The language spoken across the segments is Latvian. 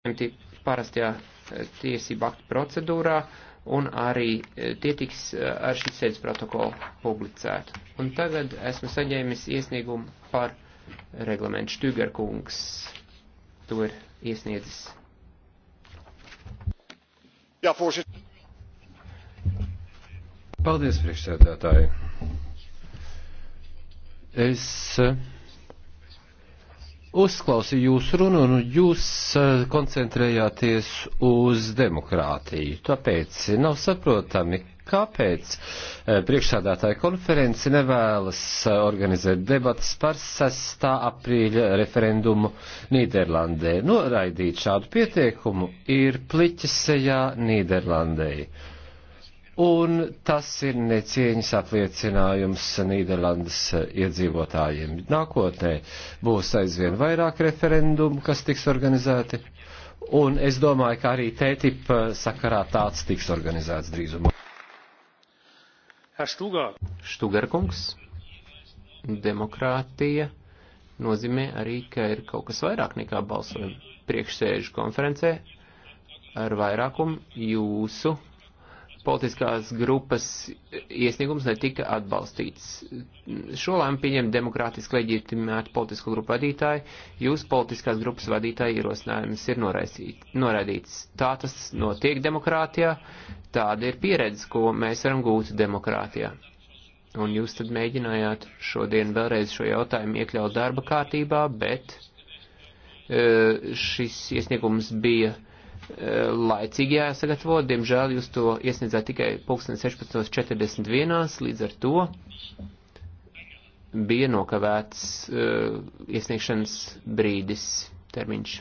pieņemti parastajā eh, tiesību aktu procedūrā, un arī eh, tie tiks eh, ar šī sēdes protokolu publicēti. Un tagad esmu saņēmis iesniegumu par reglamentu Štugarkungs. To ir iesniedzis. Jā, forši. Paldies, priekšsēdētāji. Es. Uh uzklausīju jūsu runu un jūs eh, koncentrējāties uz demokrātiju. Tāpēc nav saprotami, kāpēc eh, priekšsādātāja konferenci nevēlas eh, organizēt debatas par 6. aprīļa referendumu Nīderlandē. Noraidīt šādu pieteikumu ir pliķisejā Nīderlandē un tas ir necieņas apliecinājums Nīderlandes eh, iedzīvotājiem. Nākotnē būs aizvien vairāk referendumu, kas tiks organizēti, un es domāju, ka arī TTIP eh, sakarā tāds tiks organizēts drīzumā. Štugarkungs, demokrātija nozīmē arī, ka ir kaut kas vairāk nekā balsojumi priekšsēžu konferencē ar vairākumu jūsu politiskās grupas iesniegums netika atbalstīts. Šo lēmu pieņem demokrātiski leģitimēta politisko grupu vadītāji, jūs politiskās grupas vadītāji ierosinājums ir noraisīt, noraidīts. Tā tas notiek demokrātijā, tāda ir pieredze, ko mēs varam gūt demokrātijā. Un jūs tad mēģinājāt šodien vēlreiz šo jautājumu iekļaut darba kārtībā, bet eh, šis iesniegums bija laicīgi jāsagatavo. Diemžēl jūs to iesniedzāt tikai 16.41. līdz ar to bija nokavēts uh, iesniegšanas brīdis termiņš.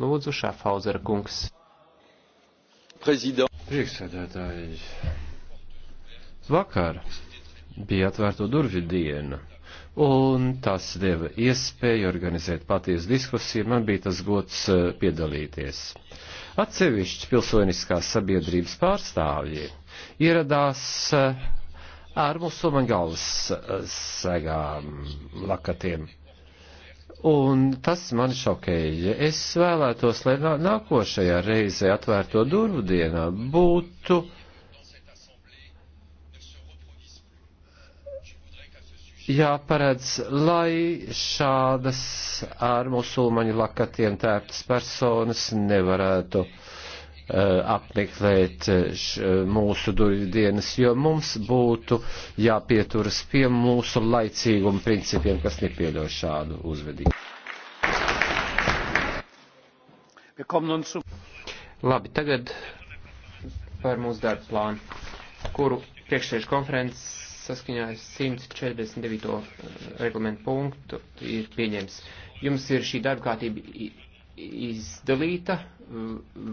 Lūdzu, Šafhauzera kungs. Priekšsēdētāji, vakar bija atvērto durvju diena un tas deva iespēju organizēt patiesu diskusiju. Man bija tas gods eh, piedalīties. Atsevišķi pilsoniskās sabiedrības pārstāvji ieradās eh, ar musulmaņu galvas eh, segām, lakatiem. Un tas man šokēja. Es vēlētos, lai nākošajā reizē atvērto durvdienā būtu uh, jāparedz, lai šādas ar musulmaņu lakatiem tērptas personas nevarētu eh, apmeklēt eh, eh, mūsu dienas, jo mums būtu jāpieturas pie mūsu laicīguma principiem, kas nepieļauj šādu uzvedību. Labi, tagad par mūsu darba plānu, kuru priekšsēžu konferences saskaņā ar 149. Eh, reglamentu punktu ir pieņems. Jums ir šī darba kārtība izdalīta,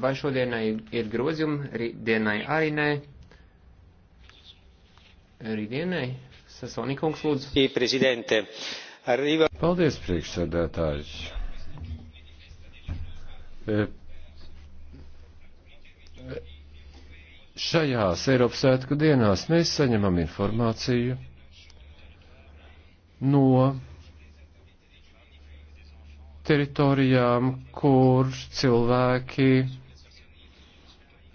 vai šodienai ir grozījumi, rītdienai arī nē. Rītdienai? Sasonikungs lūdzu. Paldies, priekšsēdētājs. Eh, šajās Eiropas svētku dienās mēs saņemam informāciju no teritorijām, kur cilvēki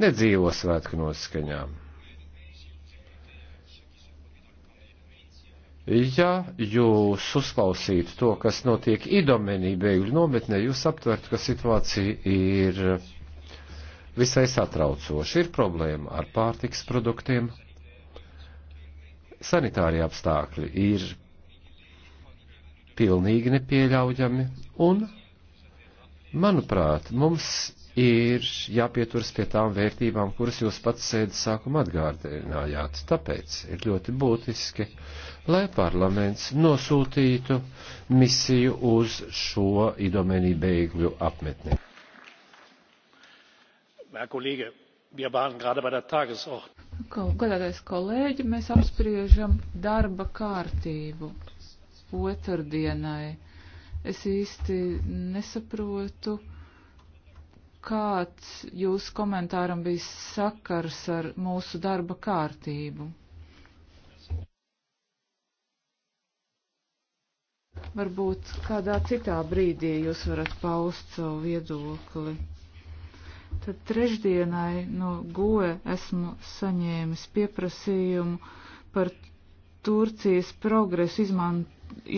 nedzīvo svētku noskaņām. Ja jūs uzklausītu to, kas notiek idomenī bēgļu nometnē, jūs aptvertu, ka situācija ir visai satraucoši. Ir problēma ar pārtiks produktiem, sanitārie apstākļi ir pilnīgi nepieļaujami un, manuprāt, mums ir jāpieturas pie tām vērtībām, kuras jūs pats sēdes sākuma atgādinājāt. Tāpēc ir ļoti būtiski, lai parlaments nosūtītu misiju uz šo idomenī bēgļu apmetni herr kollege wir waren gerade bei der tagesordnung. godātais kolēģi mēs apspriežam darba kārtību otrdienai. Es īsti nesaprotu, kāds jūsu komentāram bija sakars ar mūsu darba kārtību. Varbūt kādā citā brīdī jūs varat paust savu viedokli. Tad trešdienai no GOE esmu saņēmis pieprasījumu par Turcijas progresu izman,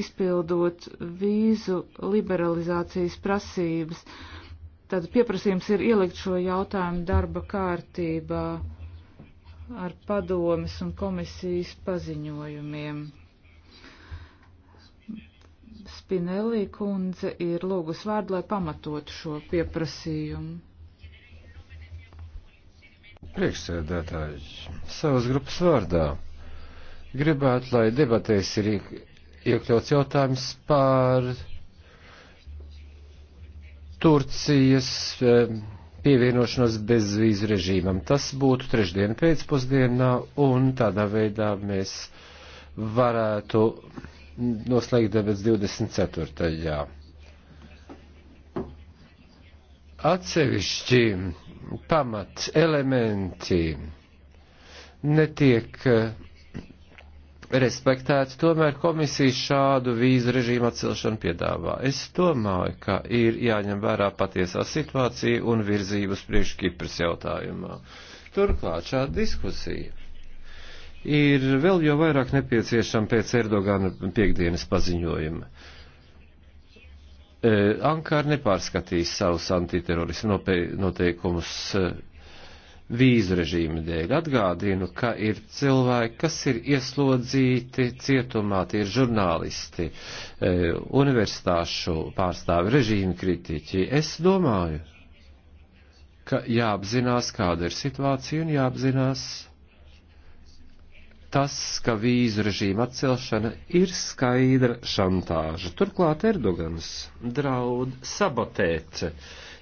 izpildot vīzu liberalizācijas prasības. Tad pieprasījums ir ielikt šo jautājumu darba kārtībā ar padomes un komisijas paziņojumiem. Spinelli kundze ir lūgus vārdu, lai pamatotu šo pieprasījumu. Priekšsēdētājs, savas grupas vārdā gribētu, lai debatēs ir iekļauts jautājums par Turcijas eh, pievienošanos bezvīzu režīmam. Tas būtu trešdien pēcpusdienā, un tādā veidā mēs varētu noslēgt debats 24. Atsevišķi pamat elementi netiek eh, respektēti, tomēr komisija šādu vīzu režīmu atcelšanu piedāvā. Es domāju, ka ir jāņem vērā patiesā situācija un virzības priekš Kipras jautājumā. Turklāt šāda diskusija ir vēl jau vairāk nepieciešama pēc Erdogana piekdienas paziņojuma. E, Ankara nepārskatīs savus antiterorismu noteikumus e, vīzu režīmu dēļ. Atgādinu, ka ir cilvēki, kas ir ieslodzīti cietumā, tie ir žurnālisti, e, universitāšu pārstāvi, režīmu kritiķi. Es domāju, ka jāapzinās, kāda ir situācija un jāapzinās tas, ka vīzu režīma atcelšana ir skaidra šantāža. Turklāt Erdogans draud sabotēt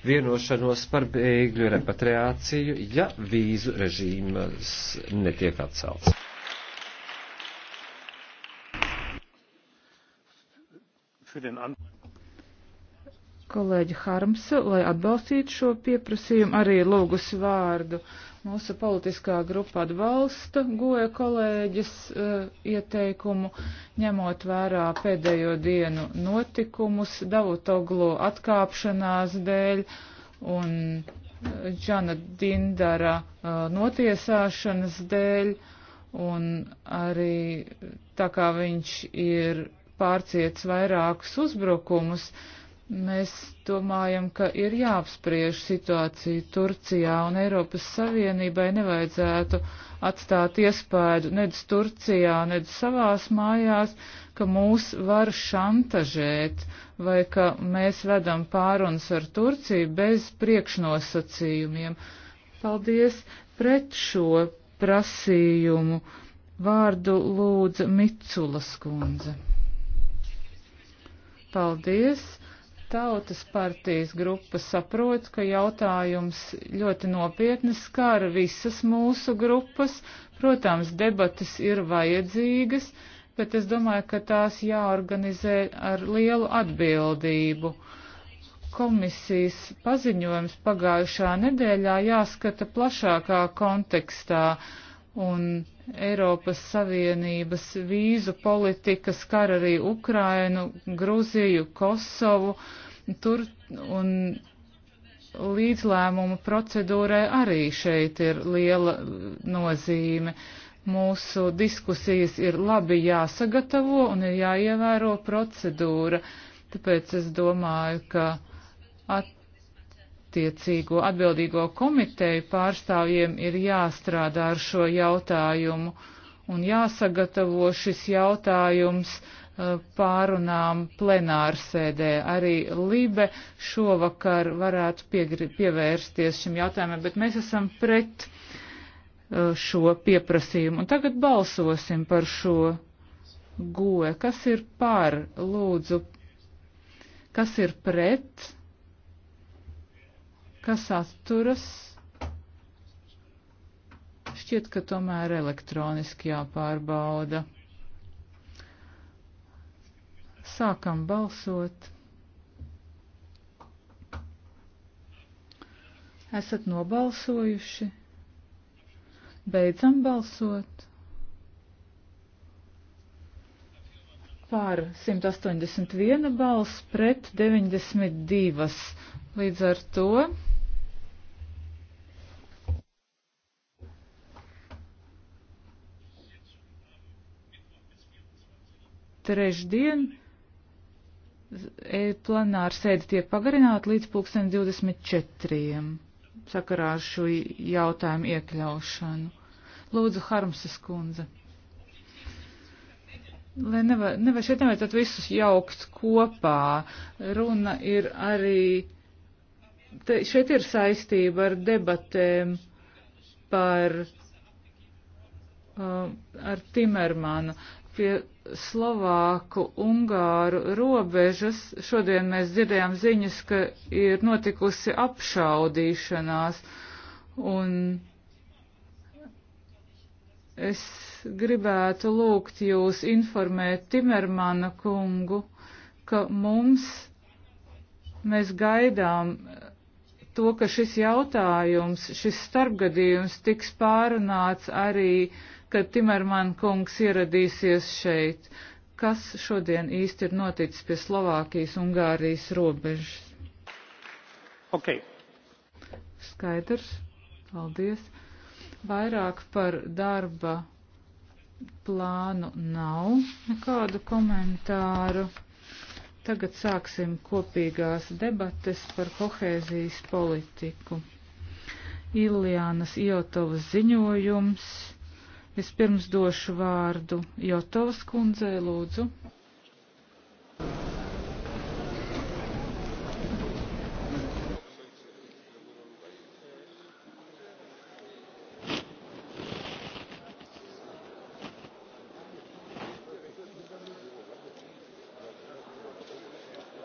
vienošanos par bēgļu repatriāciju, ja vīzu režīmas netiek atcelts. Kolēģi Harmsa, lai atbalstītu šo pieprasījumu, arī lūgus vārdu Mūsu politiskā grupa atbalsta goja kolēģis uh, ieteikumu, ņemot vērā pēdējo dienu notikumus Davutoglu atkāpšanās dēļ un e, Džana Dindara uh, notiesāšanas dēļ, un arī tā kā viņš ir pārciets vairākus uzbrukumus, uh, Mēs domājam, ka ir jāapspriež situācija Turcijā un Eiropas Savienībai nevajadzētu atstāt iespēju nedz Turcijā, nedz savās mājās, ka mūs var šantažēt vai ka mēs vedam pārunas ar Turciju bez priekšnosacījumiem. Paldies pret šo prasījumu. Vārdu lūdza Miculas kundze. Paldies! Tautas partijas grupa saprot, ka jautājums ļoti nopietni skara visas mūsu grupas. Protams, debatas ir vajadzīgas, bet es domāju, ka tās jāorganizē ar lielu atbildību. Komisijas paziņojums pagājušā nedēļā jāskata plašākā kontekstā un Eiropas Savienības vīzu politika skar arī Ukrainu, Gruziju, Kosovu, tur un līdzlēmumu procedūrai arī šeit ir liela nozīme. Mūsu diskusijas ir labi jāsagatavo un ir jāievēro procedūra, tāpēc es domāju, ka at attiecīgo atbildīgo komiteju pārstāvjiem ir jāstrādā ar šo jautājumu un jāsagatavo šis jautājums eh, pārunām plenārsēdē. Arī Libe šovakar varētu piegri, pievērsties šim jautājumam, bet mēs esam pret eh, šo pieprasījumu. Un tagad balsosim par šo goe. Kas ir par, lūdzu, kas ir pret? kas atturas. Šķiet, ka tomēr elektroniski jāpārbauda. Sākam balsot. Esat nobalsojuši? Beidzam balsot. Pār 181 balss pret 92. Līdz ar to trešdien plenāra sēde tiek pagarināta līdz 2024. sakarā ar šo jautājumu iekļaušanu. Lūdzu, Harmsas kundze. Lai nevar, nevar šeit nevajadzētu visus jaukt kopā. Runa ir arī, te, šeit ir saistība ar debatēm par, uh, ar Timermanu pie Slovāku Ungāru robežas šodien mēs dzirdējām ziņas, ka ir notikusi apšaudīšanās un es gribētu lūgt jūs informēt Timermana kungu, ka mums mēs gaidām to, ka šis jautājums, šis starpgadījums tiks pārunāts arī kad Timerman kungs ieradīsies šeit, kas šodien īsti ir noticis pie Slovākijas-Ungārijas robežas. Ok. Skaidrs. Paldies. Vairāk par darba plānu nav nekādu komentāru. Tagad sāksim kopīgās debates par kohēzijas politiku. Iljānas Iotovas ziņojums. Vispirms došu vārdu Jotovas kundzei, lūdzu.